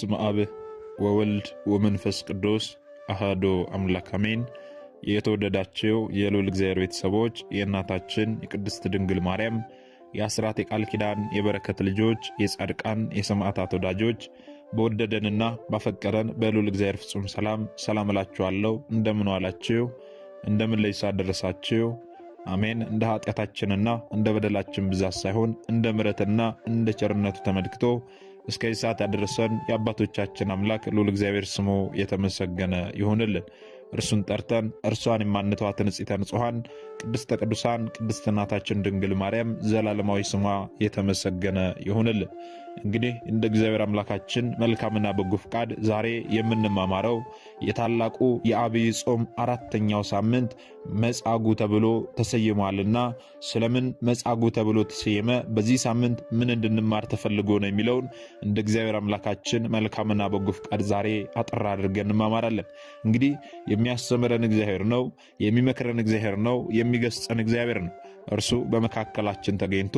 በስመ አብ ወወልድ ወመንፈስ ቅዱስ አህዶ አምላክ አሜን። የተወደዳችሁ የልዑል እግዚአብሔር ቤተሰቦች የእናታችን የቅድስት ድንግል ማርያም የአስራት የቃል ኪዳን የበረከት ልጆች የጻድቃን የሰማዕታት ወዳጆች በወደደንና ባፈቀረን በልዑል እግዚአብሔር ፍጹም ሰላም ሰላም እላችኋለሁ። እንደምን ዋላችሁ? እንደምን ለይሳ አደረሳችሁ? አሜን። እንደ ኃጢአታችንና እንደ በደላችን ብዛት ሳይሆን እንደ ምረትና እንደ ቸርነቱ ተመልክቶ እስከዚህ ሰዓት ያደረሰን የአባቶቻችን አምላክ ልዑል እግዚአብሔር ስሙ የተመሰገነ ይሁንልን። እርሱን ጠርተን እርሷን የማንተዋት ንጽሕተ ንጹሐን ቅድስተ ቅዱሳን ቅድስት እናታችን ድንግል ማርያም ዘላለማዊ ስሟ የተመሰገነ ይሁንልን። እንግዲህ እንደ እግዚአብሔር አምላካችን መልካምና በጎ ፍቃድ ዛሬ የምንማማረው የታላቁ የአብይ ጾም አራተኛው ሳምንት መጻጉዕ ተብሎ ተሰይሟልና ስለምን መጻጉዕ ተብሎ ተሰየመ፣ በዚህ ሳምንት ምን እንድንማር ተፈልጎ ነው የሚለውን እንደ እግዚአብሔር አምላካችን መልካምና በጎ ፍቃድ ዛሬ አጠር አድርገን እንማማራለን። እንግዲህ የሚያስተምረን እግዚአብሔር ነው፣ የሚመክረን እግዚአብሔር ነው፣ የሚገስጸን እግዚአብሔር ነው። እርሱ በመካከላችን ተገኝቶ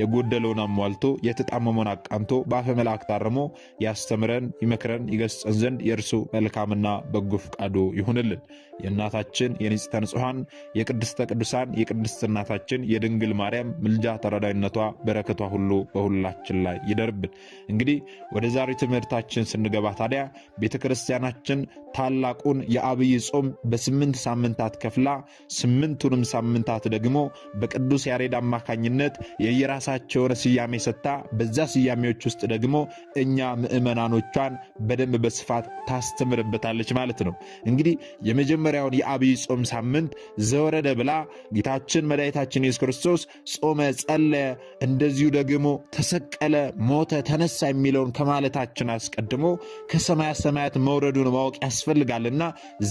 የጎደለውን አሟልቶ የተጣመመውን አቃንቶ በአፈ መልአክ ታርሞ ያስተምረን፣ ይመክረን፣ ይገስጸን ዘንድ የእርሱ መልካምና በጎ ፍቃዱ ይሁንልን። የእናታችን የንጽተ ንጹሐን የቅድስተ ቅዱሳን የቅድስት እናታችን የድንግል ማርያም ምልጃ ተረዳይነቷ፣ በረከቷ ሁሉ በሁላችን ላይ ይደርብን። እንግዲህ ወደ ዛሬ ትምህርታችን ስንገባ ታዲያ ቤተ ክርስቲያናችን ታላቁን የአብይ ጾም በስምንት ሳምንታት ከፍላ ስምንቱንም ሳምንታት ደግሞ በቅዱስ ያሬድ አማካኝነት የየራሳቸውን ስያሜ ሰጥታ በዛ ስያሜዎች ውስጥ ደግሞ እኛ ምእመናኖቿን በደንብ በስፋት ታስተምርበታለች ማለት ነው። እንግዲህ የመጀመሪያውን የአብይ ጾም ሳምንት ዘወረደ ብላ ጌታችን መድኃኒታችን ኢየሱስ ክርስቶስ ጾመ፣ ጸለየ፣ እንደዚሁ ደግሞ ተሰቀለ፣ ሞተ፣ ተነሳ የሚለውን ከማለታችን አስቀድሞ ከሰማያ ሰማያት መውረዱን ማወቅ ያስፈልጋልና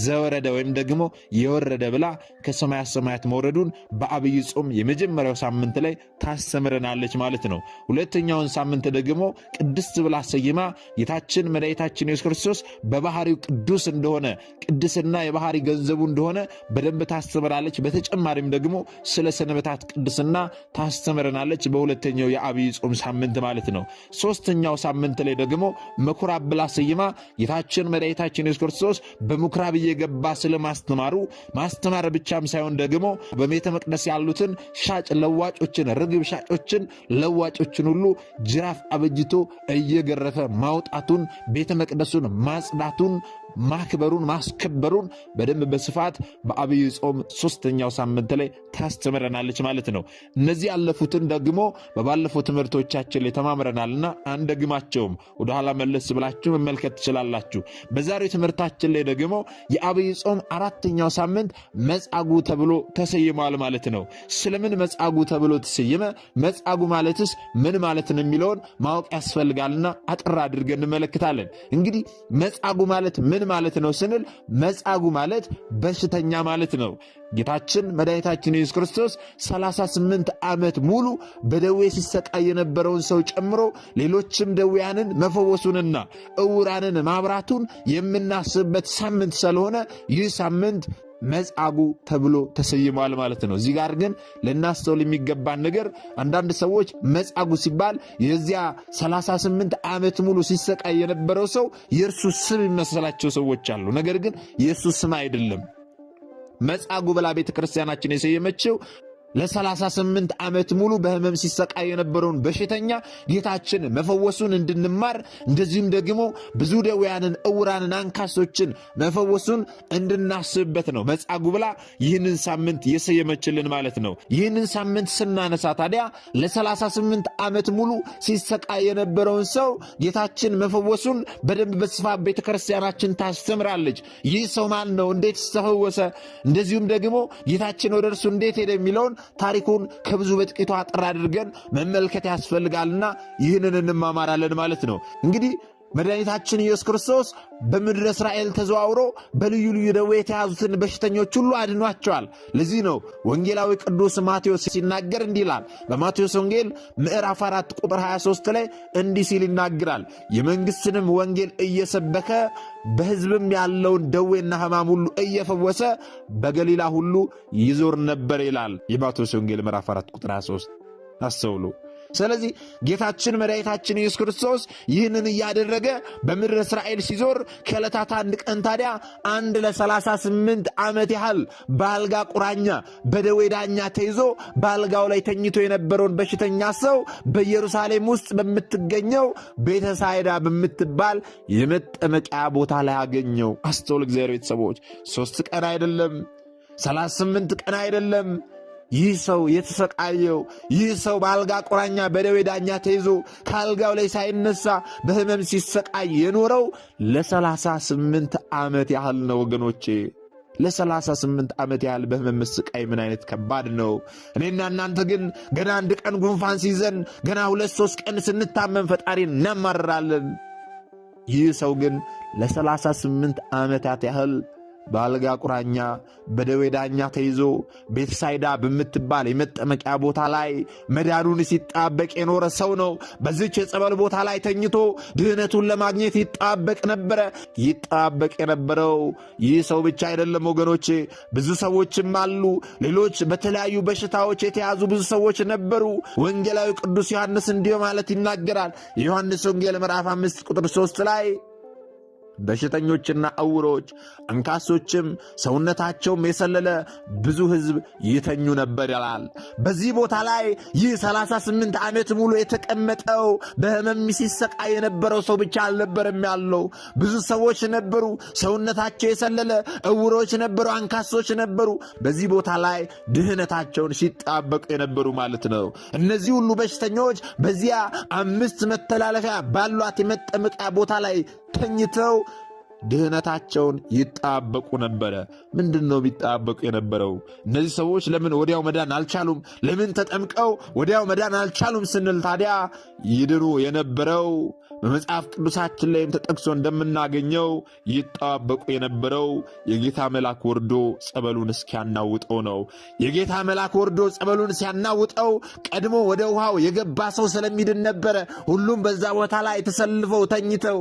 ዘወረደ ወይም ደግሞ የወረደ ብላ ከሰማያ ሰማያት መውረዱን በአብይ ጾም የመጀመሪያው ሳምንት ላይ ታስተምረናለች ማለት ነው። ሁለተኛውን ሳምንት ደግሞ ቅድስት ብላ ሰይማ ጌታችን መድኃኒታችን ኢየሱስ ክርስቶስ በባህሪው ቅዱስ እንደሆነ ቅድስና የባህሪ ገንዘቡ እንደሆነ በደንብ ታስተምራለች። በተጨማሪም ደግሞ ስለ ሰንበታት ቅድስና ታስተምረናለች በሁለተኛው የአብይ ጾም ሳምንት ማለት ነው። ሶስተኛው ሳምንት ላይ ደግሞ ምኩራብ ብላ ሰይማ ጌታችን መድኃኒታችን ኢየሱስ ክርስቶስ በምኩራብ እየገባ ስለማስተማሩ ማስተማር ብቻም ሳይሆን ደግሞ በቤተ መቅደስ ያሉትን ሰዎችን ሻጭ ለዋጮችን፣ ርግብ ሻጮችን፣ ለዋጮችን ሁሉ ጅራፍ አበጅቶ እየገረፈ ማውጣቱን ቤተ መቅደሱን ማጽዳቱን ማክበሩን ማስከበሩን በደንብ በስፋት በአብይ ጾም ሶስተኛው ሳምንት ላይ ታስተምረናለች ማለት ነው። እነዚህ ያለፉትን ደግሞ በባለፈው ትምህርቶቻችን ላይ ተማምረናልና አንደግማቸውም፣ ወደኋላ መለስ ብላችሁ መመልከት ትችላላችሁ። በዛሬው ትምህርታችን ላይ ደግሞ የአብይ ጾም አራተኛው ሳምንት መጻጉ ተብሎ ተሰይሟል ማለት ነው። ስለምን መጻጉ ተብሎ ተሰየመ? መጻጉ ማለትስ ምን ማለት ነው የሚለውን ማወቅ ያስፈልጋልና አጥር አድርገን እንመለከታለን። እንግዲህ መጻጉ ማለት ምን ምን ማለት ነው ስንል መጻጉ ማለት በሽተኛ ማለት ነው። ጌታችን መድኃኒታችን ኢየሱስ ክርስቶስ 38 ዓመት ሙሉ በደዌ ሲሰቃይ የነበረውን ሰው ጨምሮ ሌሎችም ደዌያንን መፈወሱንና እውራንን ማብራቱን የምናስብበት ሳምንት ስለሆነ ይህ ሳምንት መጻጉ ተብሎ ተሰይሟል ማለት ነው። እዚህ ጋር ግን ልናስተውል የሚገባን ነገር አንዳንድ ሰዎች መጻጉ ሲባል የዚያ 38 ዓመት ሙሉ ሲሰቃይ የነበረው ሰው የእርሱ ስም የሚመስላቸው ሰዎች አሉ። ነገር ግን የእሱ ስም አይደለም። መጻጉ ብላ ቤተክርስቲያናችን የሰየመችው ለ38 ዓመት ሙሉ በህመም ሲሰቃይ የነበረውን በሽተኛ ጌታችን መፈወሱን እንድንማር እንደዚሁም ደግሞ ብዙ ደውያንን፣ እውራንን፣ አንካሶችን መፈወሱን እንድናስብበት ነው መጻጉዕ ብላ ይህንን ሳምንት የሰየመችልን ማለት ነው። ይህንን ሳምንት ስናነሳ ታዲያ ለ38 ዓመት ሙሉ ሲሰቃይ የነበረውን ሰው ጌታችን መፈወሱን በደንብ በስፋት ቤተክርስቲያናችን ታስተምራለች። ይህ ሰው ማን ነው? እንዴት ተፈወሰ? እንደዚሁም ደግሞ ጌታችን ወደ እርሱ እንዴት ሄደ የሚለውን ታሪኩን ከብዙ በጥቂቱ አጠር አድርገን መመልከት ያስፈልጋልና ይህንን እንማማራለን ማለት ነው እንግዲህ መድኃኒታችን ኢየሱስ ክርስቶስ በምድረ እስራኤል ተዘዋውሮ በልዩ ልዩ ደዌ የተያዙትን በሽተኞች ሁሉ አድኗቸዋል። ለዚህ ነው ወንጌላዊ ቅዱስ ማቴዎስ ሲናገር እንዲህ ይላል። በማቴዎስ ወንጌል ምዕራፍ 4 ቁጥር 23 ላይ እንዲህ ሲል ይናገራል። የመንግሥትንም ወንጌል እየሰበከ በሕዝብም ያለውን ደዌና ሕማም ሁሉ እየፈወሰ በገሊላ ሁሉ ይዞር ነበር ይላል። የማቴዎስ ወንጌል ምዕራፍ 4 ቁጥር 23 አስተውሉ። ስለዚህ ጌታችን መድኃኒታችን ኢየሱስ ክርስቶስ ይህንን እያደረገ በምድር እስራኤል ሲዞር ከዕለታት አንድ ቀን ታዲያ አንድ ለ38 ዓመት ያህል በአልጋ ቁራኛ በደዌ ዳኛ ተይዞ በአልጋው ላይ ተኝቶ የነበረውን በሽተኛ ሰው በኢየሩሳሌም ውስጥ በምትገኘው ቤተሳይዳ በምትባል የመጠመቂያ ቦታ ላይ አገኘው። አስተውል እግዚአብሔር ቤተሰቦች፣ ሶስት ቀን አይደለም፣ 38 ቀን አይደለም ይህ ሰው የተሰቃየው ይህ ሰው በአልጋ ቁራኛ በደዌ ዳኛ ተይዞ ከአልጋው ላይ ሳይነሳ በህመም ሲሰቃይ የኖረው ለሰላሳ ስምንት ዓመት ያህል ነው ወገኖቼ። ለሰላሳ ስምንት ዓመት ያህል በህመም መሰቃይ ምን አይነት ከባድ ነው። እኔና እናንተ ግን ገና አንድ ቀን ጉንፋን ሲይዘን፣ ገና ሁለት ሶስት ቀን ስንታመም ፈጣሪ እናማርራለን። ይህ ሰው ግን ለሰላሳ ስምንት ዓመታት ያህል በአልጋ ቁራኛ በደዌ ዳኛ ተይዞ ቤተሳይዳ በምትባል የመጠመቂያ ቦታ ላይ መዳኑን ሲጣበቅ የኖረ ሰው ነው። በዚች የጸበል ቦታ ላይ ተኝቶ ድህነቱን ለማግኘት ይጣበቅ ነበረ። ይጣበቅ የነበረው ይህ ሰው ብቻ አይደለም ወገኖቼ፣ ብዙ ሰዎችም አሉ። ሌሎች በተለያዩ በሽታዎች የተያዙ ብዙ ሰዎች ነበሩ። ወንጌላዊ ቅዱስ ዮሐንስ እንዲህ ማለት ይናገራል። የዮሐንስ ወንጌል ምዕራፍ አምስት ቁጥር ሶስት ላይ በሽተኞችና ዕውሮች፣ አንካሶችም ሰውነታቸውም የሰለለ ብዙ ሕዝብ ይተኙ ነበር ይላል። በዚህ ቦታ ላይ ይህ 38 ዓመት ሙሉ የተቀመጠው በህመም ሲሰቃይ የነበረው ሰው ብቻ አልነበረም ያለው። ብዙ ሰዎች ነበሩ፣ ሰውነታቸው የሰለለ እውሮች ነበሩ፣ አንካሶች ነበሩ። በዚህ ቦታ ላይ ድህነታቸውን ሲጣበቁ የነበሩ ማለት ነው። እነዚህ ሁሉ በሽተኞች በዚያ አምስት መተላለፊያ ባሏት የመጠመቂያ ቦታ ላይ ተኝተው ድህነታቸውን ይጣበቁ ነበረ። ምንድን ነው የሚጣበቁ የነበረው? እነዚህ ሰዎች ለምን ወዲያው መዳን አልቻሉም? ለምን ተጠምቀው ወዲያው መዳን አልቻሉም ስንል ታዲያ ይድኑ የነበረው በመጽሐፍ ቅዱሳችን ላይም ተጠቅሶ እንደምናገኘው ይጠባበቁ የነበረው የጌታ መልአክ ወርዶ ጸበሉን እስኪያናውጠው ነው። የጌታ መልአክ ወርዶ ጸበሉን ሲያናውጠው ቀድሞ ወደ ውሃው የገባ ሰው ስለሚድን ነበረ። ሁሉም በዛ ቦታ ላይ ተሰልፈው ተኝተው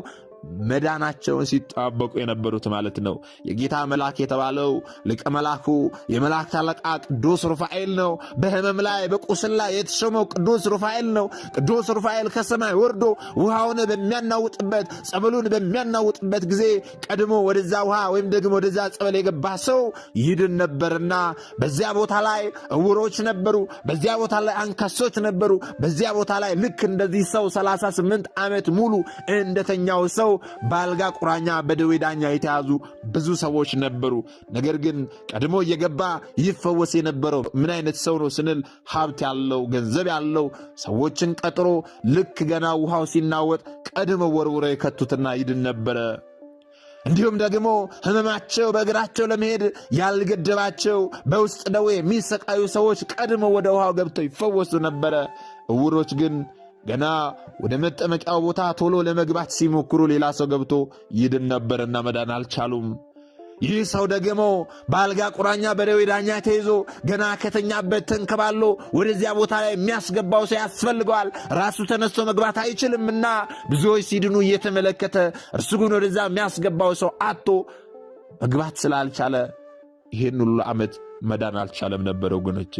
መዳናቸውን ሲጠባበቁ የነበሩት ማለት ነው። የጌታ መልአክ የተባለው ሊቀ መልአኩ የመላእክት አለቃ ቅዱስ ሩፋኤል ነው። በሕመም ላይ በቁስል ላይ የተሾመው ቅዱስ ሩፋኤል ነው። ቅዱስ ሩፋኤል ከሰማይ ወርዶ ውሃውን በሚያናውጥበት ጸበሉን በሚያናውጥበት ጊዜ ቀድሞ ወደዛ ውሃ ወይም ደግሞ ወደዛ ጸበል የገባ ሰው ይድን ነበርና በዚያ ቦታ ላይ እውሮች ነበሩ። በዚያ ቦታ ላይ አንካሶች ነበሩ። በዚያ ቦታ ላይ ልክ እንደዚህ ሰው 38 ዓመት ሙሉ እንደተኛው ሰው ሆነው በአልጋ ቁራኛ በደዌ ዳኛ የተያዙ ብዙ ሰዎች ነበሩ። ነገር ግን ቀድሞ እየገባ ይፈወስ የነበረው ምን አይነት ሰው ነው ስንል ሀብት ያለው ገንዘብ ያለው ሰዎችን ቀጥሮ ልክ ገና ውሃው ሲናወጥ ቀድሞ ወርውረው የከቱትና ይድን ነበረ። እንዲሁም ደግሞ ሕመማቸው በእግራቸው ለመሄድ ያልገደባቸው በውስጥ ደዌ የሚሰቃዩ ሰዎች ቀድሞ ወደ ውሃው ገብተው ይፈወሱ ነበረ። እውሮች ግን ገና ወደ መጠመቂያው ቦታ ቶሎ ለመግባት ሲሞክሩ ሌላ ሰው ገብቶ ይድን ነበርና መዳን አልቻሉም። ይህ ሰው ደግሞ በአልጋ ቁራኛ በደዌ ዳኛ ተይዞ ገና ከተኛበት ተንከባሎ ወደዚያ ቦታ ላይ የሚያስገባው ሰው ያስፈልገዋል። ራሱ ተነስቶ መግባት አይችልምና ብዙዎች ሲድኑ እየተመለከተ እርሱ ግን ወደዛ የሚያስገባው ሰው አቶ መግባት ስላልቻለ ይህን ሁሉ ዓመት መዳን አልቻለም ነበረው ወገኖቼ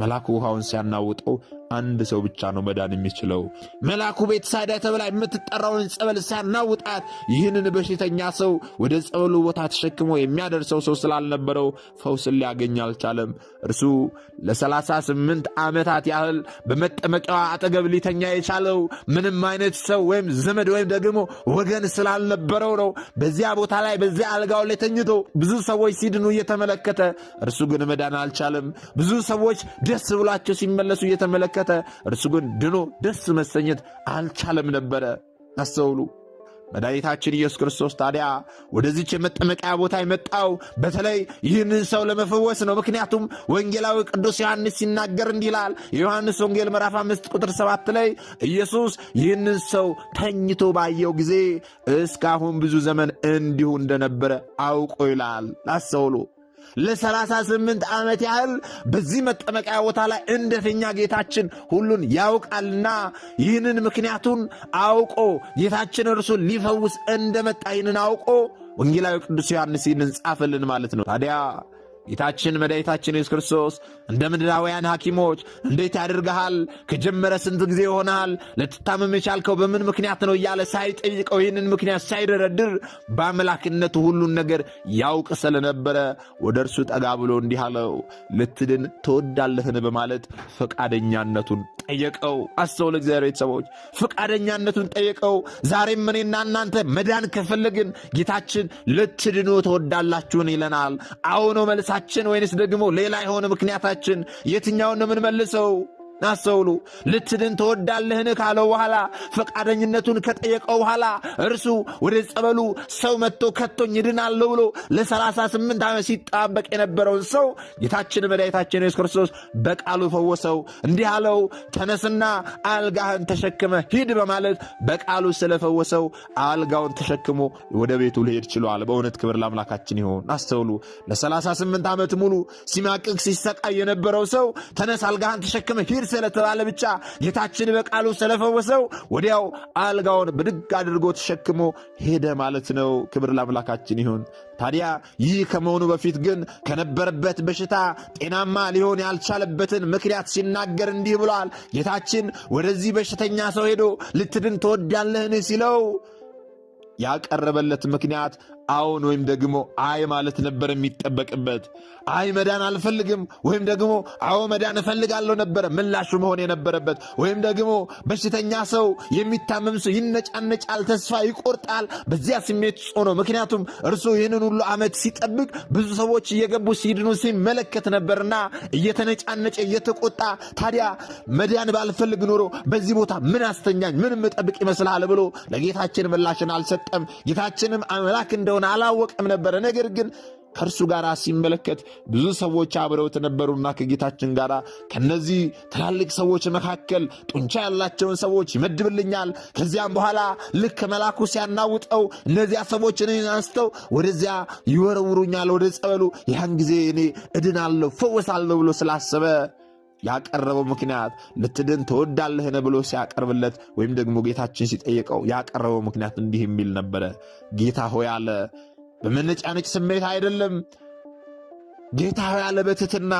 መልአኩ ውሃውን ሲያናውጠው አንድ ሰው ብቻ ነው መዳን የሚችለው። መልአኩ ቤተሳዳ ተብላ የምትጠራውን ጸበል ሲያናውጣት ይህንን በሽተኛ ሰው ወደ ጸበሉ ቦታ ተሸክሞ የሚያደርሰው ሰው ስላልነበረው ፈውስን ሊያገኝ አልቻለም። እርሱ ለ38 ዓመታት ያህል በመጠመቂያዋ አጠገብ ሊተኛ የቻለው ምንም አይነት ሰው ወይም ዘመድ ወይም ደግሞ ወገን ስላልነበረው ነው። በዚያ ቦታ ላይ በዚያ አልጋው ላይ ተኝቶ ብዙ ሰዎች ሲድኑ እየተመለከተ እርሱ ግን መዳን አልቻለም። ብዙ ሰዎች ደስ ብሏቸው ሲመለሱ እየተመለከተ ተመለከተ። እርሱ ግን ድኖ ደስ መሰኘት አልቻለም ነበረ። አስተውሉ። መድኃኒታችን ኢየሱስ ክርስቶስ ታዲያ ወደዚች የመጠመቂያ ቦታ የመጣው በተለይ ይህንን ሰው ለመፈወስ ነው። ምክንያቱም ወንጌላዊ ቅዱስ ዮሐንስ ሲናገር እንዲህ ይላል። የዮሐንስ ወንጌል ምዕራፍ አምስት ቁጥር ሰባት ላይ ኢየሱስ ይህንን ሰው ተኝቶ ባየው ጊዜ እስካሁን ብዙ ዘመን እንዲሁ እንደነበረ አውቆ ይላል። አስተውሉ። ለ38 ዓመት ያህል በዚህ መጠመቂያ ቦታ ላይ እንደተኛ ጌታችን ሁሉን ያውቃልና ይህንን ምክንያቱን አውቆ ጌታችን እርሱን ሊፈውስ እንደመጣ ይህንን አውቆ ወንጌላዊ ቅዱስ ዮሐንስ ይህንን ጻፈልን ማለት ነው ታዲያ ጌታችን መድኃኒታችን ኢየሱስ ክርስቶስ እንደ ምድራውያን ሐኪሞች እንዴት ያደርግሃል? ከጀመረ ስንት ጊዜ ይሆናል? ልትታመም የቻልከው በምን ምክንያት ነው? እያለ ሳይጠይቀው ይህንን ምክንያት ሳይደረድር በአምላክነቱ ሁሉን ነገር ያውቅ ስለነበረ ወደ እርሱ ጠጋ ብሎ እንዲህ አለው፣ ልትድን ትወዳለህን? በማለት ፈቃደኛነቱን ጠየቀው። አስተው ለእግዚአብሔር ቤተሰቦች ፈቃደኛነቱን ጠየቀው። ዛሬም እኔና እናንተ መዳን ከፈለግን ጌታችን ልትድኑ ትወዳላችሁን ይለናል። አዎ ነው መልሳ ምክንያታችን ወይንስ ደግሞ ሌላ የሆነ ምክንያታችን? የትኛውን ነው የምንመልሰው? ናስተውሉ። ልትድን ተወዳለህን ካለው በኋላ ፈቃደኝነቱን ከጠየቀው በኋላ እርሱ ወደ ጸበሉ ሰው መጥቶ ከቶኝ ድናለሁ ብሎ ለ38 ዓመት ሲጠባበቅ የነበረውን ሰው ጌታችን መድኃኒታችን ኢየሱስ ክርስቶስ በቃሉ ፈወሰው። እንዲህ አለው፣ ተነስና አልጋህን ተሸክመ ሂድ በማለት በቃሉ ስለፈወሰው አልጋውን ተሸክሞ ወደ ቤቱ ሊሄድ ችሏል። በእውነት ክብር ለአምላካችን ይሆን። አስተውሉ። ለ38 ዓመት ሙሉ ሲማቅቅ ሲሰቃይ የነበረው ሰው ተነስ አልጋህን ተሸክመ ሂድ ስለተባለ ብቻ ጌታችን በቃሉ ስለፈወሰው ወዲያው አልጋውን ብድግ አድርጎ ተሸክሞ ሄደ ማለት ነው። ክብር ለአምላካችን ይሁን። ታዲያ ይህ ከመሆኑ በፊት ግን ከነበረበት በሽታ ጤናማ ሊሆን ያልቻለበትን ምክንያት ሲናገር እንዲህ ብሏል። ጌታችን ወደዚህ በሽተኛ ሰው ሄዶ ልትድን ትወዳለህን ሲለው ያቀረበለት ምክንያት አዎን ወይም ደግሞ አይ ማለት ነበር የሚጠበቅበት። አይ መዳን አልፈልግም ወይም ደግሞ አዎ መዳን እፈልጋለሁ ነበረ ምላሹ መሆን የነበረበት። ወይም ደግሞ በሽተኛ ሰው፣ የሚታመም ሰው ይነጫነጫል፣ ተስፋ ይቆርጣል። በዚያ ስሜት ውስጥ ነው። ምክንያቱም እርሱ ይህንን ሁሉ ዓመት ሲጠብቅ ብዙ ሰዎች እየገቡ ሲድኑ ሲመለከት ነበርና እየተነጫነጨ እየተቆጣ ታዲያ መዳን ባልፈልግ ኖሮ በዚህ ቦታ ምን አስተኛኝ፣ ምን ምጠብቅ ይመስልሃል ብሎ ለጌታችን ምላሽን አልሰጠም። ጌታችንም አምላክ እንደ እንደሆነ አላወቀም ነበረ። ነገር ግን ከእርሱ ጋር ሲመለከት ብዙ ሰዎች አብረውት ነበሩና ከጌታችን ጋር ከነዚህ ትላልቅ ሰዎች መካከል ጡንቻ ያላቸውን ሰዎች ይመድብልኛል። ከዚያም በኋላ ልክ መላኩ ሲያናውጠው እነዚያ ሰዎች እኔን አንስተው ወደዚያ ይወረውሩኛል፣ ወደ ጸበሉ። ያን ጊዜ እኔ እድናለሁ፣ ፈወሳለሁ ብሎ ስላሰበ ያቀረበው ምክንያት ልትድን ትወዳለህን ብሎ ሲያቀርብለት ወይም ደግሞ ጌታችን ሲጠይቀው ያቀረበው ምክንያት እንዲህ የሚል ነበረ። ጌታ ሆይ አለ በመነጫነጭ ስሜት አይደለም። ጌታ ሆይ አለ በትትና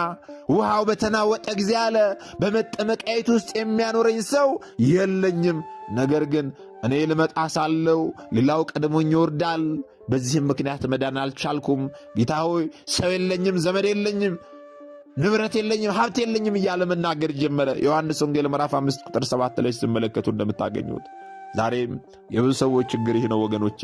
ውሃው በተናወጠ ጊዜ አለ በመጠመቃየት ውስጥ የሚያኖረኝ ሰው የለኝም። ነገር ግን እኔ ልመጣ ሳለው ሌላው ቀድሞኝ ይወርዳል። በዚህም ምክንያት መዳን አልቻልኩም። ጌታ ሆይ ሰው የለኝም፣ ዘመድ የለኝም ንብረት የለኝም ሀብት የለኝም እያለ መናገር ጀመረ። ዮሐንስ ወንጌል ምዕራፍ አምስት ቁጥር ሰባት ላይ ስትመለከቱ እንደምታገኙት ዛሬም የብዙ ሰዎች ችግር ይህ ነው ወገኖቼ።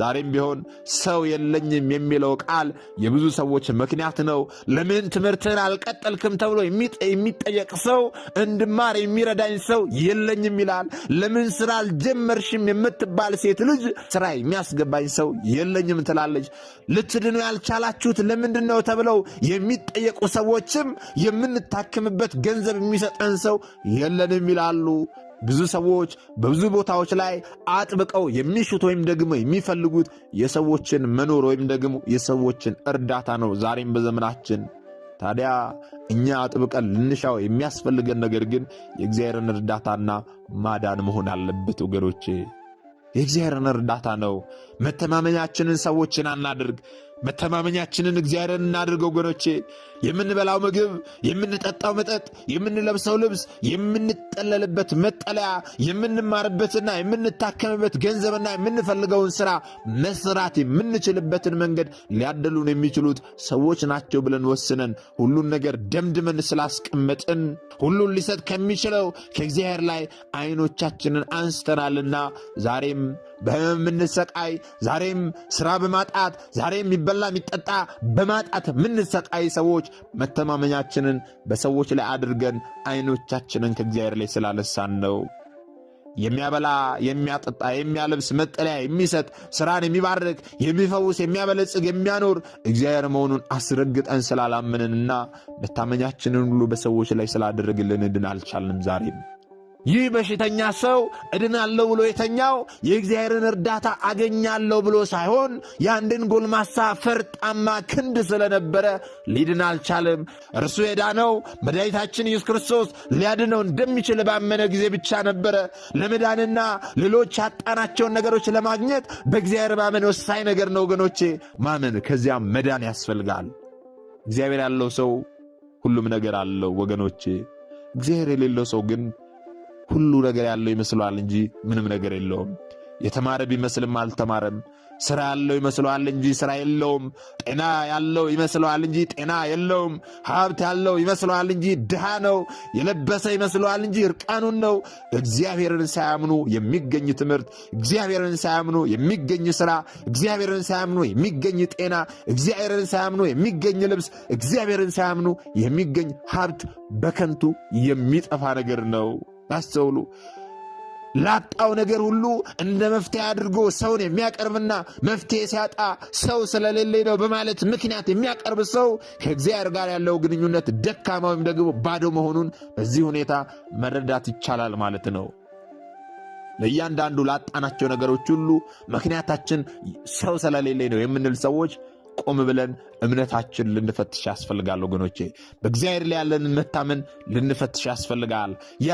ዛሬም ቢሆን ሰው የለኝም የሚለው ቃል የብዙ ሰዎች ምክንያት ነው። ለምን ትምህርትን አልቀጠልክም ተብሎ የሚጠየቅ ሰው እንድማር የሚረዳኝ ሰው የለኝም ይላል። ለምን ስራ አልጀመርሽም የምትባል ሴት ልጅ ስራ የሚያስገባኝ ሰው የለኝም ትላለች። ልትድኑ ያልቻላችሁት ለምንድን ነው ተብለው የሚጠየቁ ሰዎችም የምንታክምበት ገንዘብ የሚሰጠን ሰው የለንም ይላሉ። ብዙ ሰዎች በብዙ ቦታዎች ላይ አጥብቀው የሚሹት ወይም ደግሞ የሚፈልጉት የሰዎችን መኖር ወይም ደግሞ የሰዎችን እርዳታ ነው ዛሬም በዘመናችን። ታዲያ እኛ አጥብቀን ልንሻው የሚያስፈልገን ነገር ግን የእግዚአብሔርን እርዳታና ማዳን መሆን አለበት ወገኖቼ። የእግዚአብሔርን እርዳታ ነው መተማመኛችንን ሰዎችን አናድርግ። መተማመኛችንን እግዚአብሔርን እናድርግ ወገኖቼ። የምንበላው ምግብ፣ የምንጠጣው መጠጥ፣ የምንለብሰው ልብስ፣ የምንጠለልበት መጠለያ፣ የምንማርበትና የምንታከምበት ገንዘብና የምንፈልገውን ስራ መስራት የምንችልበትን መንገድ ሊያደሉን የሚችሉት ሰዎች ናቸው ብለን ወስነን ሁሉን ነገር ደምድመን ስላስቀመጥን ሁሉን ሊሰጥ ከሚችለው ከእግዚአብሔር ላይ አይኖቻችንን አንስተናልና ዛሬም በምንሰቃይ ዛሬም ስራ በማጣት ዛሬም የሚበላ የሚጠጣ በማጣት የምንሰቃይ ሰዎች መተማመኛችንን በሰዎች ላይ አድርገን አይኖቻችንን ከእግዚአብሔር ላይ ስላለሳን ነው። የሚያበላ የሚያጠጣ፣ የሚያለብስ፣ መጠለያ የሚሰጥ፣ ስራን የሚባርክ፣ የሚፈውስ፣ የሚያበለጽግ፣ የሚያኖር እግዚአብሔር መሆኑን አስረግጠን ስላላምንንና መታመኛችንን ሁሉ በሰዎች ላይ ስላደረግልን ድን አልቻልንም ዛሬም ይህ በሽተኛ ሰው እድናለሁ ብሎ የተኛው የእግዚአብሔርን እርዳታ አገኛለሁ ብሎ ሳይሆን የአንድን ጎልማሳ ፈርጣማ ክንድ ስለነበረ ሊድን አልቻለም። እርሱ የዳነው መድኃኒታችን ኢየሱስ ክርስቶስ ሊያድነው እንደሚችል ባመነ ጊዜ ብቻ ነበረ። ለመዳንና ሌሎች ያጣናቸውን ነገሮች ለማግኘት በእግዚአብሔር ማመን ወሳኝ ነገር ነው ወገኖቼ። ማመን ከዚያም መዳን ያስፈልጋል። እግዚአብሔር ያለው ሰው ሁሉም ነገር አለው ወገኖቼ። እግዚአብሔር የሌለው ሰው ግን ሁሉ ነገር ያለው ይመስለዋል እንጂ ምንም ነገር የለውም። የተማረ ቢመስልም አልተማረም። ስራ ያለው ይመስለዋል እንጂ ስራ የለውም። ጤና ያለው ይመስለዋል እንጂ ጤና የለውም። ሀብት ያለው ይመስለዋል እንጂ ድሃ ነው። የለበሰ ይመስለዋል እንጂ እርቃኑን ነው። እግዚአብሔርን ሳያምኑ የሚገኝ ትምህርት፣ እግዚአብሔርን ሳያምኑ የሚገኝ ስራ፣ እግዚአብሔርን ሳያምኑ የሚገኝ ጤና፣ እግዚአብሔርን ሳያምኑ የሚገኝ ልብስ፣ እግዚአብሔርን ሳያምኑ የሚገኝ ሀብት በከንቱ የሚጠፋ ነገር ነው። አስተውሉ። ላጣው ነገር ሁሉ እንደ መፍትሄ አድርጎ ሰውን የሚያቀርብና መፍትሄ ሲያጣ ሰው ስለሌለኝ ነው በማለት ምክንያት የሚያቀርብ ሰው ከእግዚአብሔር ጋር ያለው ግንኙነት ደካማ ወይም ደግሞ ባዶ መሆኑን በዚህ ሁኔታ መረዳት ይቻላል ማለት ነው። ለእያንዳንዱ ላጣናቸው ነገሮች ሁሉ ምክንያታችን ሰው ስለሌለኝ ነው የምንል ሰዎች ቆም ብለን እምነታችን ልንፈትሽ ያስፈልጋል ወገኖቼ። በእግዚአብሔር ላይ ያለንን መታመን ልንፈትሽ ያስፈልጋል። ያ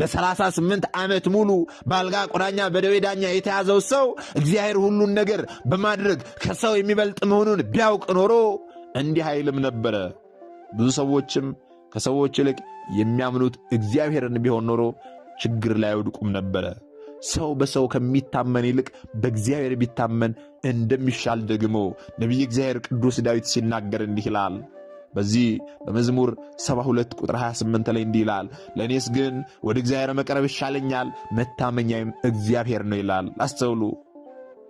ለ38 ዓመት ሙሉ በአልጋ ቁራኛ በደዌ ዳኛ የተያዘው ሰው እግዚአብሔር ሁሉን ነገር በማድረግ ከሰው የሚበልጥ መሆኑን ቢያውቅ ኖሮ እንዲህ አይልም ነበረ። ብዙ ሰዎችም ከሰዎች ይልቅ የሚያምኑት እግዚአብሔርን ቢሆን ኖሮ ችግር ላይ አይወድቁም ነበረ። ሰው በሰው ከሚታመን ይልቅ በእግዚአብሔር ቢታመን እንደሚሻል ደግሞ ነቢይ እግዚአብሔር ቅዱስ ዳዊት ሲናገር እንዲህ ይላል። በዚህ በመዝሙር 72 ቁጥር 28 ላይ እንዲህ ይላል፣ ለእኔስ ግን ወደ እግዚአብሔር መቅረብ ይሻለኛል፣ መታመኛዬም እግዚአብሔር ነው ይላል። አስተውሉ።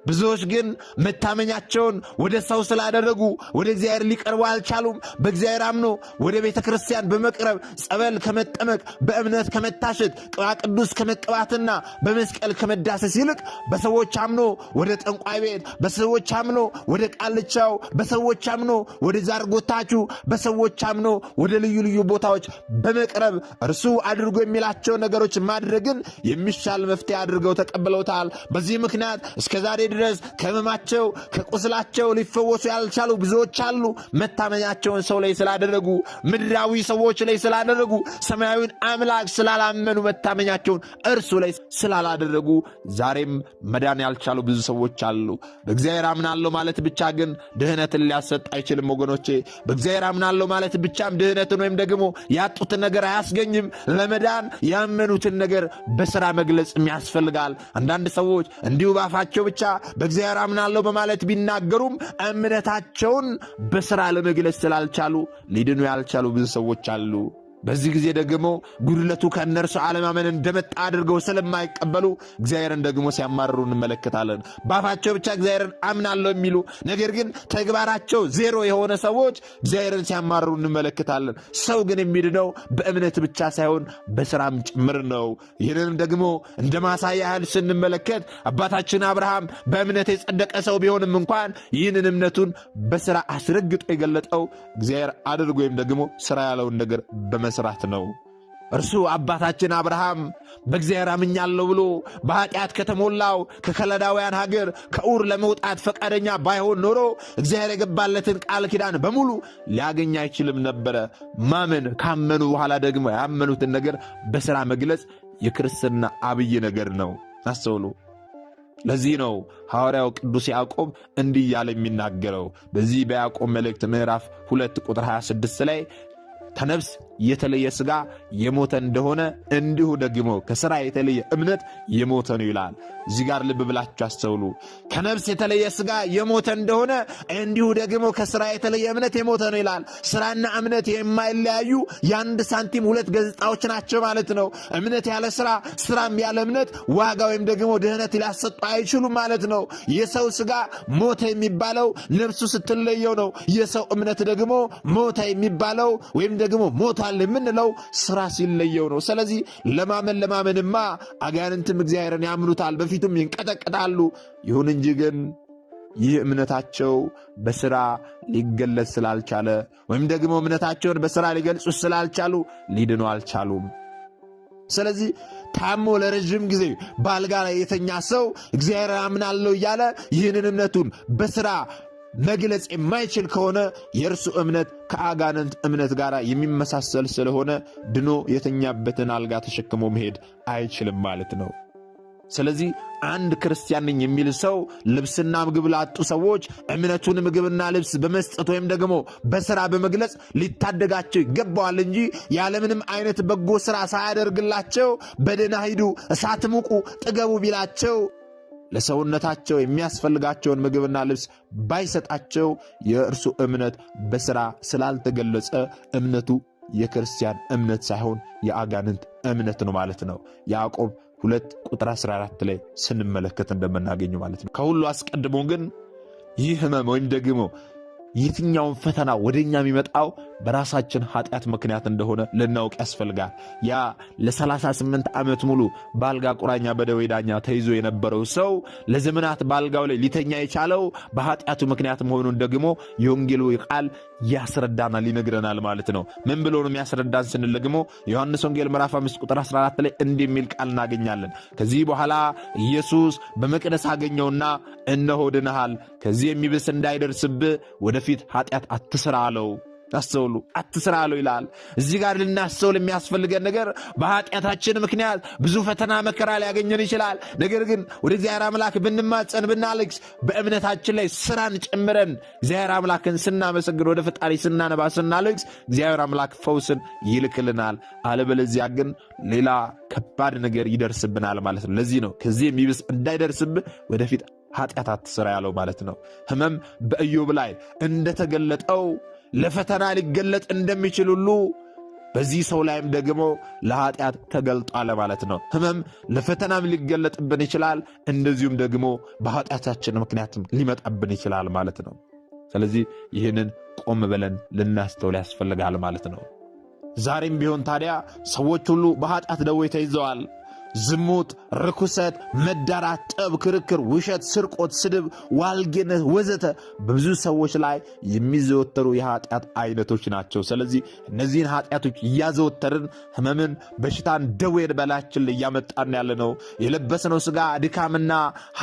ብዙዎች ግን መታመኛቸውን ወደ ሰው ስላደረጉ ወደ እግዚአብሔር ሊቀርቡ አልቻሉም። በእግዚአብሔር አምኖ ወደ ቤተ ክርስቲያን በመቅረብ ጸበል ከመጠመቅ በእምነት ከመታሸት ቅባ ቅዱስ ከመቀባትና በመስቀል ከመዳሰስ ይልቅ በሰዎች አምኖ ወደ ጠንቋይ ቤት፣ በሰዎች አምኖ ወደ ቃልቻው፣ በሰዎች አምኖ ወደ ዛርጎታችሁ፣ በሰዎች አምኖ ወደ ልዩ ልዩ ቦታዎች በመቅረብ እርሱ አድርጎ የሚላቸው ነገሮች ማድረግን የሚሻል መፍትሄ አድርገው ተቀብለውታል። በዚህ ምክንያት እስከዛሬ ድረስ ከህመማቸው ከቁስላቸው ሊፈወሱ ያልቻሉ ብዙዎች አሉ። መታመኛቸውን ሰው ላይ ስላደረጉ፣ ምድራዊ ሰዎች ላይ ስላደረጉ፣ ሰማያዊን አምላክ ስላላመኑ፣ መታመኛቸውን እርሱ ላይ ስላላደረጉ ዛሬም መዳን ያልቻሉ ብዙ ሰዎች አሉ። በእግዚአብሔር አምናለሁ ማለት ብቻ ግን ድህነትን ሊያሰጥ አይችልም ወገኖቼ። በእግዚአብሔር አምናለሁ ማለት ብቻም ድህነትን ወይም ደግሞ ያጡትን ነገር አያስገኝም። ለመዳን ያመኑትን ነገር በስራ መግለጽም ያስፈልጋል። አንዳንድ ሰዎች እንዲሁ ባፋቸው ብቻ በእግዚአብሔር አምናለሁ በማለት ቢናገሩም እምነታቸውን በሥራ ለመግለጽ ስላልቻሉ ሊድኑ ያልቻሉ ብዙ ሰዎች አሉ። በዚህ ጊዜ ደግሞ ጉድለቱ ከእነርሱ አለማመን እንደመጣ አድርገው ስለማይቀበሉ እግዚአብሔርን ደግሞ ሲያማርሩ እንመለከታለን። በአፋቸው ብቻ እግዚአብሔርን አምናለሁ የሚሉ ነገር ግን ተግባራቸው ዜሮ የሆነ ሰዎች እግዚአብሔርን ሲያማርሩ እንመለከታለን። ሰው ግን የሚድነው በእምነት ብቻ ሳይሆን በስራም ጭምር ነው። ይህንንም ደግሞ እንደ ማሳያ ያህል ስንመለከት አባታችን አብርሃም በእምነት የጸደቀ ሰው ቢሆንም እንኳን ይህንን እምነቱን በስራ አስረግጦ የገለጠው እግዚአብሔር አድርጎ ወይም ደግሞ ስራ ያለውን ነገር በመ መሥራት ነው። እርሱ አባታችን አብርሃም በእግዚአብሔር አምኛለሁ ብሎ በኃጢአት ከተሞላው ከከለዳውያን ሀገር ከዑር ለመውጣት ፈቃደኛ ባይሆን ኖሮ እግዚአብሔር የገባለትን ቃል ኪዳን በሙሉ ሊያገኝ አይችልም ነበረ። ማመን ካመኑ በኋላ ደግሞ ያመኑትን ነገር በሥራ መግለጽ የክርስትና አብይ ነገር ነው። አስተውሉ። ለዚህ ነው ሐዋርያው ቅዱስ ያዕቆብ እንዲህ እያለ የሚናገረው በዚህ በያዕቆብ መልእክት ምዕራፍ 2 ቁጥር 26 ላይ ተነብስ የተለየ ሥጋ የሞተ እንደሆነ እንዲሁ ደግሞ ከሥራ የተለየ እምነት የሞተ ነው ይላል። እዚህ ጋር ልብ ብላችሁ አስተውሉ። ከነፍስ የተለየ ሥጋ የሞተ እንደሆነ እንዲሁ ደግሞ ከሥራ የተለየ እምነት የሞተ ነው ይላል። ሥራና እምነት የማይለያዩ የአንድ ሳንቲም ሁለት ገጽታዎች ናቸው ማለት ነው። እምነት ያለ ሥራ፣ ሥራም ያለ እምነት ዋጋ ወይም ደግሞ ድህነት ሊያሰጡ አይችሉም ማለት ነው። የሰው ሥጋ ሞተ የሚባለው ነፍሱ ስትለየው ነው። የሰው እምነት ደግሞ ሞተ የሚባለው ወይም ደግሞ ሞታ ይለየዋል የምንለው ስራ ሲለየው ነው። ስለዚህ ለማመን ለማመንማ አጋንንትም እግዚአብሔርን ያምኑታል፣ በፊቱም ይንቀጠቀጣሉ። ይሁን እንጂ ግን ይህ እምነታቸው በስራ ሊገለጽ ስላልቻለ ወይም ደግሞ እምነታቸውን በስራ ሊገልጹ ስላልቻሉ ሊድኑ አልቻሉም። ስለዚህ ታሞ ለረዥም ጊዜ በአልጋ ላይ የተኛ ሰው እግዚአብሔር አምናለሁ እያለ ይህንን እምነቱን በስራ መግለጽ የማይችል ከሆነ የእርሱ እምነት ከአጋንንት እምነት ጋር የሚመሳሰል ስለሆነ ድኖ የተኛበትን አልጋ ተሸክሞ መሄድ አይችልም ማለት ነው። ስለዚህ አንድ ክርስቲያን ነኝ የሚል ሰው ልብስና ምግብ ላጡ ሰዎች እምነቱን ምግብና ልብስ በመስጠት ወይም ደግሞ በስራ በመግለጽ ሊታደጋቸው ይገባዋል እንጂ ያለምንም አይነት በጎ ስራ ሳያደርግላቸው በደህና ሂዱ፣ እሳት ሙቁ፣ ጥገቡ ቢላቸው ለሰውነታቸው የሚያስፈልጋቸውን ምግብና ልብስ ባይሰጣቸው የእርሱ እምነት በሥራ ስላልተገለጸ እምነቱ የክርስቲያን እምነት ሳይሆን የአጋንንት እምነት ነው ማለት ነው። ያዕቆብ ሁለት ቁጥር 14 ላይ ስንመለከት እንደምናገኙ ማለት ነው። ከሁሉ አስቀድሞ ግን ይህ ህመም ወይም ደግሞ የትኛውን ፈተና ወደኛ የሚመጣው በራሳችን ኃጢአት ምክንያት እንደሆነ ልናውቅ ያስፈልጋል። ያ ለ38 ዓመት ሙሉ በአልጋ ቁራኛ በደዌ ዳኛ ተይዞ የነበረው ሰው ለዘመናት በአልጋው ላይ ሊተኛ የቻለው በኃጢአቱ ምክንያት መሆኑን ደግሞ የወንጌሉ ቃል ያስረዳናል፣ ይነግረናል ማለት ነው። ምን ብሎ ነው የሚያስረዳን ስንል ደግሞ ዮሐንስ ወንጌል ምዕራፍ 5 ቁጥር 14 ላይ እንዲህ የሚል ቃል እናገኛለን። ከዚህ በኋላ ኢየሱስ በመቅደስ አገኘውና እነሆ ድነሃል፣ ከዚህ የሚብስ እንዳይደርስብህ ወደፊት ኃጢአት አትስራ አለው። አስተውሉ። አትስራ አለው ይላል። እዚህ ጋር ልናስተውል የሚያስፈልገን ነገር በኃጢአታችን ምክንያት ብዙ ፈተና መከራ ሊያገኘን ይችላል። ነገር ግን ወደ እግዚአብሔር አምላክ ብንማፀን፣ ብናለቅስ በእምነታችን ላይ ስራን ጨምረን እግዚአብሔር አምላክን ስናመሰግን፣ ወደ ፈጣሪ ስናነባ፣ ስናለቅስ እግዚአብሔር አምላክ ፈውስን ይልክልናል። አለበለዚያ ግን ሌላ ከባድ ነገር ይደርስብናል ማለት ነው። ለዚህ ነው ከዚህ የሚብስ እንዳይደርስብህ ወደፊት ኃጢአታት አትስራ ያለው ማለት ነው። ህመም በኢዮብ ላይ እንደተገለጠው ለፈተና ሊገለጥ እንደሚችል ሁሉ በዚህ ሰው ላይም ደግሞ ለኃጢአት ተገልጧል ማለት ነው። ህመም ለፈተናም ሊገለጥብን ይችላል። እንደዚሁም ደግሞ በኃጢአታችን ምክንያትም ሊመጣብን ይችላል ማለት ነው። ስለዚህ ይህንን ቆም ብለን ልናስተውል ያስፈልጋል ማለት ነው። ዛሬም ቢሆን ታዲያ ሰዎች ሁሉ በኃጢአት ደዌ ተይዘዋል። ዝሙት፣ ርኩሰት፣ መዳራት፣ ጠብ፣ ክርክር፣ ውሸት፣ ስርቆት፣ ስድብ፣ ዋልጌነት ወዘተ በብዙ ሰዎች ላይ የሚዘወተሩ የኃጢአት አይነቶች ናቸው። ስለዚህ እነዚህን ኃጢአቶች እያዘወተርን ህመምን፣ በሽታን፣ ደዌን በላችን ላይ እያመጣን ያለ ነው። የለበስነው ስጋ ድካምና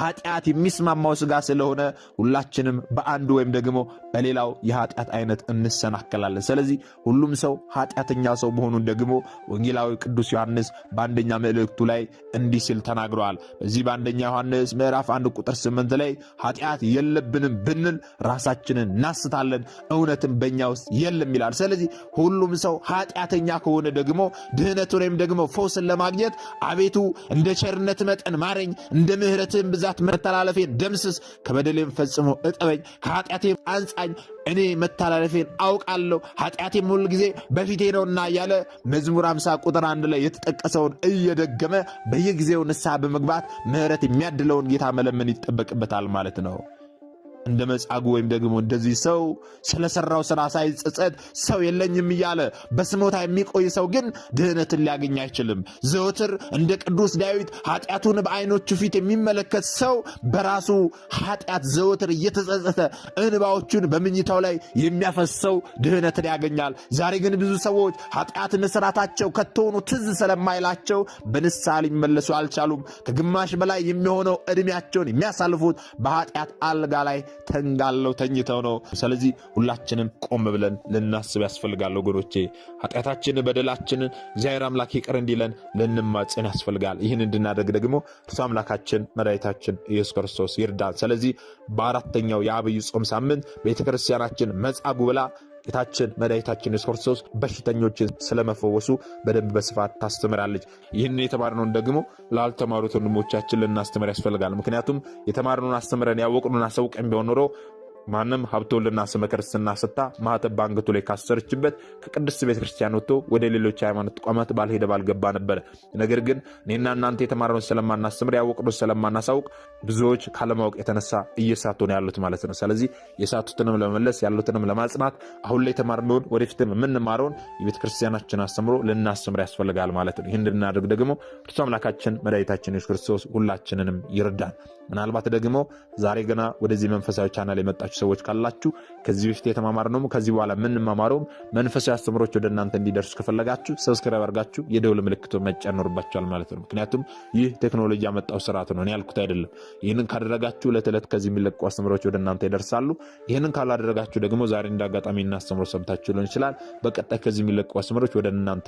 ኃጢአት የሚስማማው ስጋ ስለሆነ ሁላችንም በአንዱ ወይም ደግሞ በሌላው የኃጢአት አይነት እንሰናከላለን። ስለዚህ ሁሉም ሰው ኃጢአተኛ ሰው መሆኑን ደግሞ ወንጌላዊ ቅዱስ ዮሐንስ በአንደኛ መልእክቱ ላይ እንዲህ ሲል ሲል ተናግረዋል። በዚህ በአንደኛ ዮሐንስ ምዕራፍ አንድ ቁጥር ስምንት ላይ ኃጢአት የለብንም ብንል ራሳችንን እናስታለን፣ እውነትም በእኛ ውስጥ የለም ይላል። ስለዚህ ሁሉም ሰው ኃጢአተኛ ከሆነ ደግሞ ድህነትን ወይም ደግሞ ፈውስን ለማግኘት አቤቱ እንደ ቸርነት መጠን ማረኝ፣ እንደ ምሕረትህን ብዛት መተላለፌን ደምስስ፣ ከበደሌም ፈጽሞ እጠበኝ፣ ከኃጢአቴም አንጻኝ እኔ መተላለፌን አውቃለሁ ኃጢአቴም ሁል ጊዜ በፊቴ ነውና ያለ መዝሙር 50 ቁጥር አንድ ላይ የተጠቀሰውን እየደገመ በየጊዜው ንስሐ በመግባት ምሕረት የሚያድለውን ጌታ መለመን ይጠበቅበታል ማለት ነው። እንደ መጻጉ ወይም ደግሞ እንደዚህ ሰው ስለሰራው ስራ ሳይጸጸት ሰው የለኝም እያለ በስሞታ የሚቆይ ሰው ግን ድህነትን ሊያገኝ አይችልም። ዘወትር እንደ ቅዱስ ዳዊት ኃጢአቱን በአይኖቹ ፊት የሚመለከት ሰው በራሱ ኃጢአት ዘወትር እየተጸጸተ እንባዎቹን በምኝታው ላይ የሚያፈሰው ድህነትን ያገኛል። ዛሬ ግን ብዙ ሰዎች ኃጢአት መስራታቸው ከተሆኑ ትዝ ስለማይላቸው በንስሐ ሊመለሱ አልቻሉም። ከግማሽ በላይ የሚሆነው ዕድሜያቸውን የሚያሳልፉት በኃጢአት አልጋ ላይ ተንጋለው ተኝተው ነው። ስለዚህ ሁላችንም ቆም ብለን ልናስብ ያስፈልጋል ወገኖቼ። ኃጢአታችን፣ በደላችንን እግዚአብሔር አምላክ ይቅር እንዲለን ልንማጽን ያስፈልጋል። ይህን እንድናደርግ ደግሞ እርሱ አምላካችን መድኃኒታችን ኢየሱስ ክርስቶስ ይርዳል። ስለዚህ በአራተኛው የአብይ ጾም ሳምንት ቤተክርስቲያናችን መጻጉዕ ብላ ጌታችን መድኃኒታችን ኢየሱስ ክርስቶስ በሽተኞችን ስለመፈወሱ በደንብ በስፋት ታስተምራለች። ይህንን የተማርነውን ደግሞ ላልተማሩት ወንድሞቻችን ልናስተምር ያስፈልጋል። ምክንያቱም የተማርነውን አስተምረን ያወቅኑን አሳውቀን ቢሆን ኖሮ ማንም ሀብተወልድና ስመ ክርስትና ስታ ማህተብ በአንገቱ ላይ ካሰረችበት ከቅድስት ቤተ ክርስቲያን ወጥቶ ወደ ሌሎች ሃይማኖት ተቋማት ባልሄደ ባልገባ ነበረ። ነገር ግን እኔና እናንተ የተማርነው ስለማናስተምር ያወቅነው ስለማናሳውቅ ብዙዎች ካለማወቅ የተነሳ እየሳቱ ነው ያሉት ማለት ነው። ስለዚህ የሳቱትንም ለመመለስ ያሉትንም ለማጽናት አሁን ላይ የተማርነውን ወደፊትም የምንማረውን የቤተ ክርስቲያናችን አስተምሮ ልናስተምር ያስፈልጋል ማለት ነው። ይህን እንድናደርግ ደግሞ እርሱ አምላካችን መድኃኒታችን ኢየሱስ ክርስቶስ ሁላችንንም ይርዳል። ምናልባት ደግሞ ዛሬ ገና ወደዚህ መንፈሳዊ ቻናል የመጣችሁ ያላችሁ ሰዎች ካላችሁ ከዚህ በፊት የተማማርነውም ከዚህ በኋላ የምንማማረውም መንፈሳዊ አስተምሮች ወደ እናንተ እንዲደርሱ ከፈለጋችሁ ሰብስክራይብ አድርጋችሁ የደውል ምልክቱ መጫን ይኖርባችኋል ማለት ነው። ምክንያቱም ይህ ቴክኖሎጂ ያመጣው ስርዓት ነው፣ እኔ ያልኩት አይደለም። ይህንን ካደረጋችሁ ዕለት ዕለት ከዚህ የሚለቁ አስተምሮች ወደ እናንተ ይደርሳሉ። ይህንን ካላደረጋችሁ ደግሞ ዛሬ እንዳጋጣሚ እና አስተምሮ ሰምታችሁ ሊሆን ይችላል። በቀጣይ ከዚህ የሚለቁ አስተምሮች ወደ እናንተ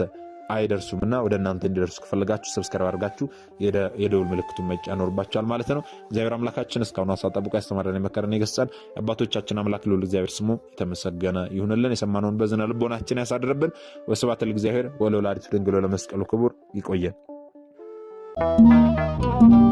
አይደርሱም እና ወደ እናንተ እንዲደርሱ ከፈለጋችሁ ሰብስክራይብ አድርጋችሁ የደውል ምልክቱን መጫ ያኖርባችኋል ማለት ነው። እግዚአብሔር አምላካችን እስካሁን ሀሳብ ጠብቆ ያስተማረን የመከረን የገሳን አባቶቻችን አምላክ ልዑል እግዚአብሔር ስሙ የተመሰገነ ይሁንልን። የሰማነውን በዝነ ልቦናችን ያሳድርብን። ወስብሐት ለእግዚአብሔር ወለወላዲቱ ድንግል ለመስቀሉ ክቡር። ይቆየን። Thank